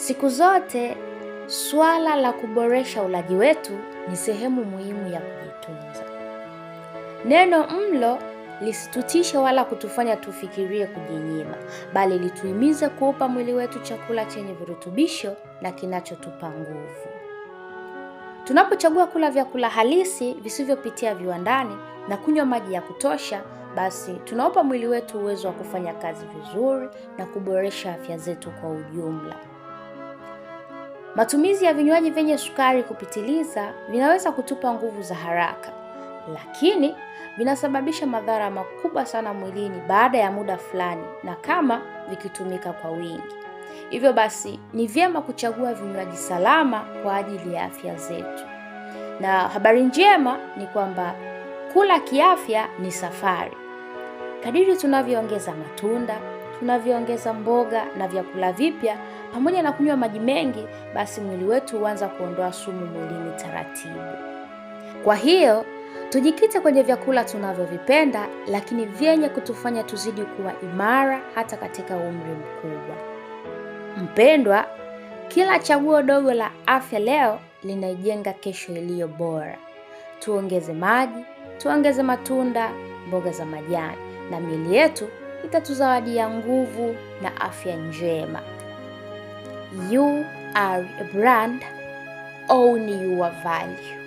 Siku zote swala la kuboresha ulaji wetu ni sehemu muhimu ya kujitunza. Neno mlo lisitutishe wala kutufanya tufikirie kujinyima, bali lituhimize kuupa mwili wetu chakula chenye virutubisho na kinachotupa nguvu. Tunapochagua kula vyakula halisi visivyopitia viwandani na kunywa maji ya kutosha, basi tunaupa mwili wetu uwezo wa kufanya kazi vizuri na kuboresha afya zetu kwa ujumla. Matumizi ya vinywaji vyenye sukari kupitiliza vinaweza kutupa nguvu za haraka, lakini vinasababisha madhara makubwa sana mwilini baada ya muda fulani na kama vikitumika kwa wingi. Hivyo basi ni vyema kuchagua vinywaji salama kwa ajili ya afya zetu. Na habari njema ni kwamba kula kiafya ni safari. Kadiri tunavyoongeza matunda, tunavyoongeza mboga na vyakula vipya pamoja na kunywa maji mengi, basi mwili wetu huanza kuondoa sumu mwilini taratibu. Kwa hiyo tujikite kwenye vyakula tunavyovipenda, lakini vyenye kutufanya tuzidi kuwa imara hata katika umri mkubwa. Mpendwa, kila chaguo dogo la afya leo linaijenga kesho iliyo bora. Tuongeze maji, tuongeze matunda, mboga za majani, na miili yetu itatuzawadia nguvu na afya njema. You are a brand, own your value.